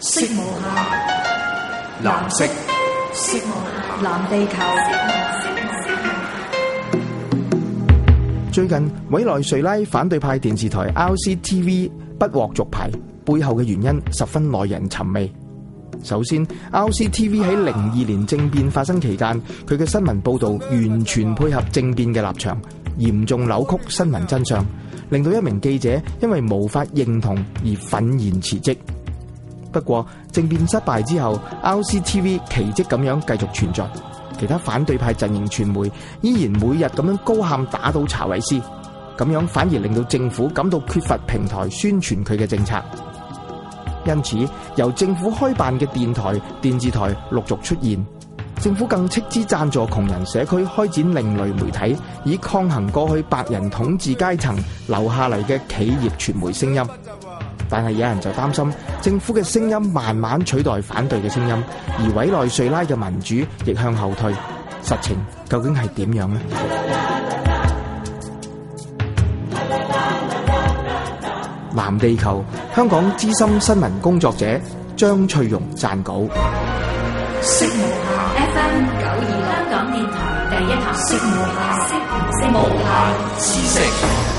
色無限，藍色。色無限，藍地球。地球，最近委內瑞拉反對派電視台 RCTV 不獲續牌，背後嘅原因十分耐人尋味。首先，RCTV 喺零二年政變發生期間，佢嘅新聞報道完全配合政變嘅立場，嚴重扭曲新聞真相，令到一名記者因為無法認同而憤然辭職。不過政變失敗之後，RCTV 奇跡咁樣繼續存在，其他反對派陣營傳媒依然每日咁樣高喊打倒查韋斯，咁樣反而令到政府感到缺乏平台宣傳佢嘅政策。因此，由政府開辦嘅電台、電視台陸續出現，政府更斥資贊助窮人社區開展另類媒體，以抗衡過去白人統治階層留下嚟嘅企業傳媒聲音。但係有人就擔心政府嘅聲音慢慢取代反對嘅聲音，而委內瑞拉嘅民主亦向後退。實情究竟係點樣呢？藍地球，香港資深新聞工作者張翠容撰稿。識無限 FM 九二六香港電台第一台。識無限，識無限，知識。